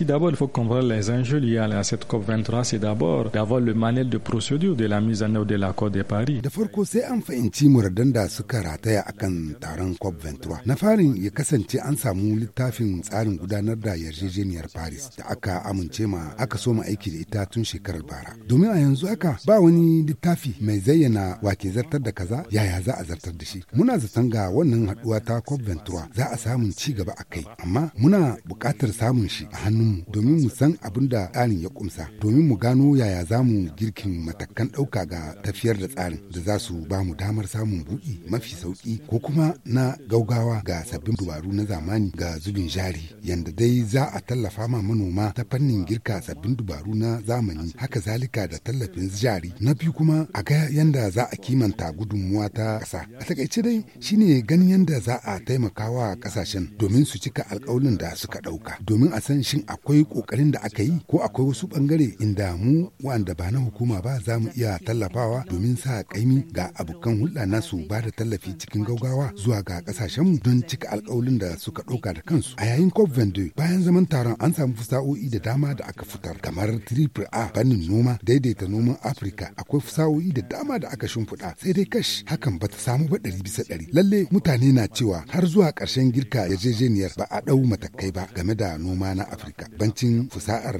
D'abord, il faut comprendre les enjeux liés à cette COP23. C'est d'abord d'avoir le manuel de procédure de la mise en œuvre de l'accord de Paris. Da farko sai an fahimci muradan da suka rataya akan taron COP23. Na farin ya kasance an samu littafin tsarin gudanar da yarjejeniyar Paris da aka amince ma aka soma aiki da ita tun shekarar bara. Domin a yanzu haka ba wani littafi mai zayyana wake zartar da kaza yaya za a zartar da shi. Muna zaton ga wannan haduwa ta COP23 za a samu ci gaba a kai amma muna buƙatar samun shi a hannu. mu domin mu san abin da tsarin ya kumsa domin mu gano yaya za mu girkin matakan ɗauka ga tafiyar da tsarin da za su ba mu damar samun buɗi mafi sauƙi ko kuma na gaugawa ga sabbin dubaru na zamani ga zubin jari yanda dai za a tallafa ma manoma ta fannin girka sabbin dubaru na zamani haka zalika da tallafin jari na biyu kuma a ga yanda za a kimanta gudunmuwa ta ƙasa a takaice dai shine ganin yanda za a taimakawa ƙasashen domin su cika alƙawarin da suka ɗauka domin a san shin akwai kokarin da aka yi ko akwai wasu bangare inda mu wanda ba na hukuma ba za mu iya tallafawa domin sa kaimi ga abokan hulɗa nasu ba da tallafi cikin gaugawa zuwa ga mu don cika alkawalin da suka ɗauka da kansu a yayin cop 22 bayan zaman taron an samu fusa'o'i da dama da aka fitar kamar triple a fannin noma daidaita noman afirka akwai fusa'o'i da dama da aka shimfiɗa sai dai kash hakan ta samu ba ɗari bisa ɗari lalle mutane na cewa har zuwa ƙarshen girka yarjejeniyar ba a ɗau matakai ba game da noma na afirka afirka bancin fusa'ar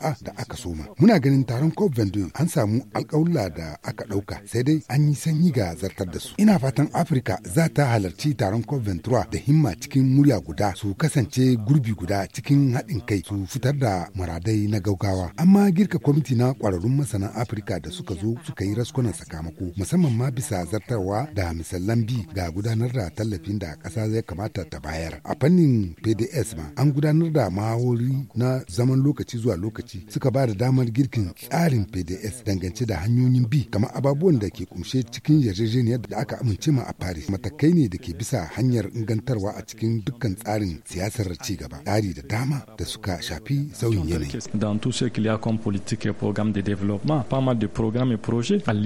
a da aka soma muna ganin taron cop 22 an samu alƙawla da aka ɗauka sai dai an yi sanyi ga zartar da su ina fatan afirka za ta halarci taron cop 23 da himma cikin murya guda su kasance gurbi guda cikin haɗin kai su fitar da muradai na gaugawa amma girka kwamiti na ƙwararrun masana afirka da suka zo suka yi raskunan sakamako musamman ma bisa zartarwa da misalan bi ga gudanar da tallafin da ƙasa zai kamata ta bayar a fannin pds ma an gudanar da mahawori na zaman lokaci zuwa lokaci suka ba da damar girkin tsarin pds dangance da hanyoyin bi kamar ababuwan da ke kumshe cikin yarjejeniyar da aka amince ma a paris matakai ne da ke bisa hanyar ingantarwa a cikin dukkan tsarin siyasar ci gaba tsari da dama da suka shafi sauyin yanayi dans de développement de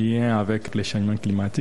et avec les changements